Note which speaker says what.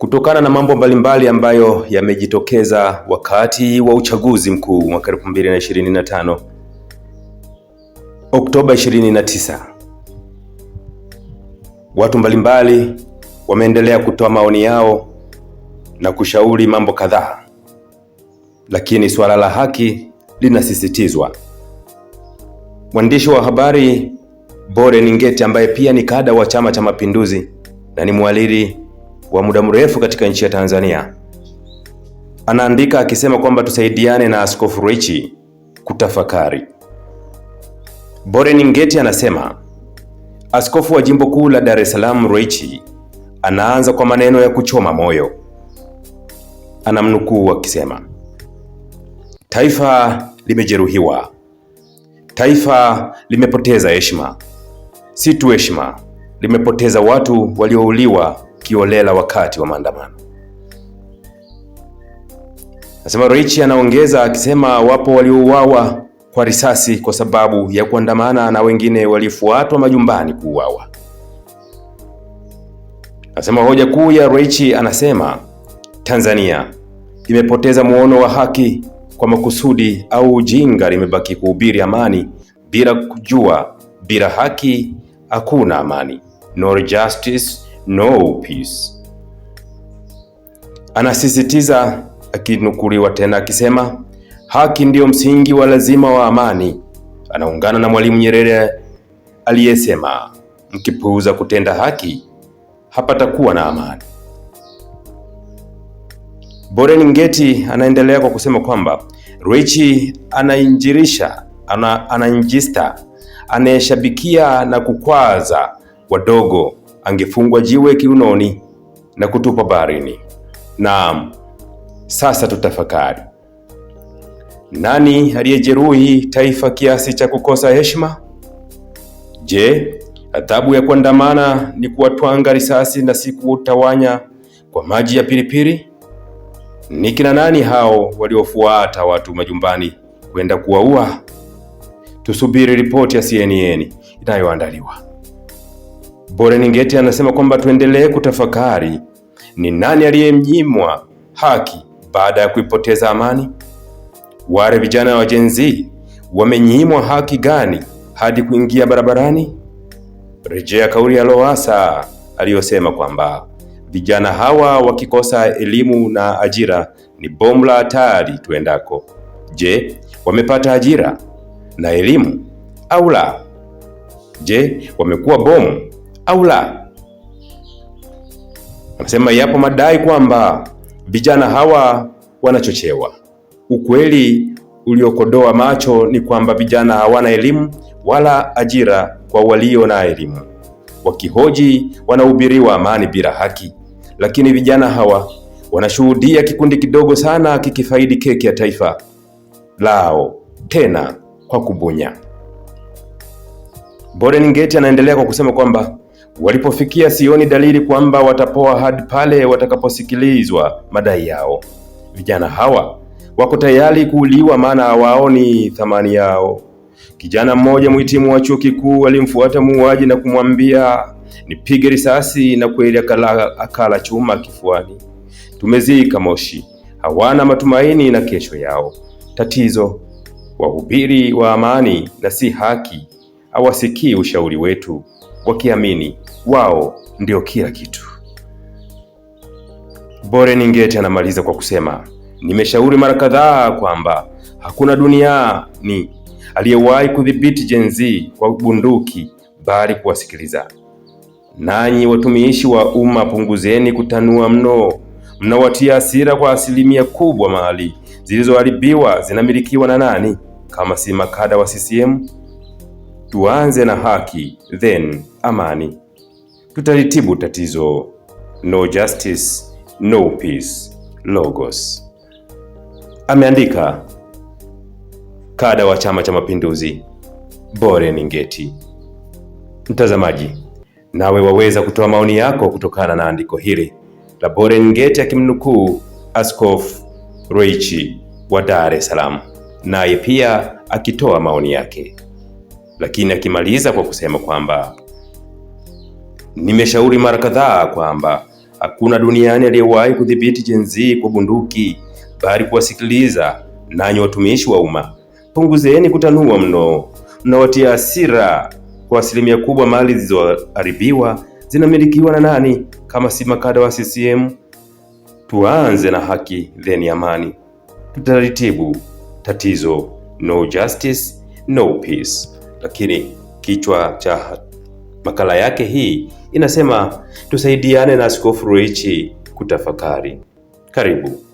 Speaker 1: Kutokana na mambo mbalimbali ambayo yamejitokeza wakati wa uchaguzi mkuu mwaka 2025 Oktoba 29, watu mbalimbali wameendelea kutoa maoni yao na kushauri mambo kadhaa, lakini suala la haki linasisitizwa. Mwandishi wa habari Bore Ningeti ambaye pia ni kada wa Chama cha Mapinduzi na ni mwaliri wa muda mrefu katika nchi ya Tanzania. Anaandika akisema kwamba tusaidiane na Askofu Rweichi kutafakari. Boren Ngeti anasema askofu wa jimbo kuu la Dar es Salaam Rweichi anaanza kwa maneno ya kuchoma moyo. Anamnukuu akisema, taifa limejeruhiwa, taifa limepoteza heshima, si tu heshima, limepoteza watu waliouliwa kiolela wakati wa maandamano. Nasema Roichi anaongeza akisema wapo waliouawa kwa risasi kwa sababu ya kuandamana na wengine walifuatwa majumbani kuuawa. Anasema hoja kuu ya Roichi anasema Tanzania imepoteza muono wa haki kwa makusudi au ujinga, limebaki kuhubiri amani bila kujua, bila haki hakuna amani. No justice no peace. Anasisitiza akinukuliwa tena akisema haki ndiyo msingi wa lazima wa amani. Anaungana na Mwalimu Nyerere aliyesema mkipuuza kutenda haki hapatakuwa na amani. Boren Ngeti anaendelea kwa kusema kwamba rechi anainjirisha ana, anainjista anayeshabikia na kukwaza wadogo angefungwa jiwe kiunoni na kutupwa baharini. Naam, sasa tutafakari. Nani aliyejeruhi taifa kiasi cha kukosa heshima? Je, adhabu ya kuandamana ni kuwatwanga risasi na si kutawanya kwa maji ya pilipili? Ni kina nani hao waliofuata watu majumbani kwenda kuwaua? Tusubiri ripoti ya CNN inayoandaliwa. Boreningeti anasema kwamba tuendelee kutafakari ni nani aliyemnyimwa haki baada ya kuipoteza amani? Wale vijana wa Gen Z wamenyimwa haki gani hadi kuingia barabarani? Rejea kauli ya Lowassa aliyosema kwamba vijana hawa wakikosa elimu na ajira ni bomu la hatari tuendako. Je, wamepata ajira na elimu au la? Je, wamekuwa bomu au la? Anasema yapo madai kwamba vijana hawa wanachochewa. Ukweli uliokodoa macho ni kwamba vijana hawana elimu wala ajira kwa walio na elimu. Wakihoji wanahubiriwa amani bila haki, lakini vijana hawa wanashuhudia kikundi kidogo sana kikifaidi keki ya taifa lao, tena kwa kubunya. Boren Ngeti anaendelea kwa kusema kwamba Walipofikia sioni dalili kwamba watapoa hadi pale watakaposikilizwa madai yao. Vijana hawa wako tayari kuuliwa, maana hawaoni thamani yao. Kijana mmoja mhitimu wa chuo kikuu alimfuata muuaji na kumwambia, nipige risasi, na kweli akala, akala chuma kifuani. Tumezika moshi, hawana matumaini na kesho yao. Tatizo wahubiri wa amani na si haki hawasikii ushauri wetu wakiamini wao ndio kila kitu. Boren Ngeti anamaliza kwa kusema, nimeshauri mara kadhaa kwamba hakuna duniani aliyewahi kudhibiti Gen Z kwa bunduki bali kuwasikiliza. Nanyi watumishi wa umma, punguzeni kutanua mno. Mnawatia hasira kwa asilimia kubwa. Mali zilizoharibiwa zinamilikiwa na nani kama si makada wa CCM? tuanze na haki then amani. Tutalitibu tatizo. No justice no peace, Logos ameandika kada wa Chama cha Mapinduzi Bore Ningeti. Mtazamaji, nawe waweza kutoa maoni yako kutokana na andiko hili la Bore Ningeti akimnukuu Askofu Roichi wa Dar es Salaam, naye pia akitoa maoni yake lakini akimaliza kwa kusema kwamba nimeshauri mara kadhaa kwamba hakuna duniani aliyewahi kudhibiti jenzi kwa bunduki, bali kuwasikiliza. Nanyi watumishi wa umma, punguzeni kutanua mno. Mnawatia hasira kwa asilimia kubwa. Mali zilizoharibiwa zinamilikiwa na nani kama si makada wa CCM? Tuanze na haki, then amani. tutaratibu tatizo. No justice, no peace lakini kichwa cha makala yake hii inasema tusaidiane na Askofu Ruwa'ichi kutafakari. Karibu.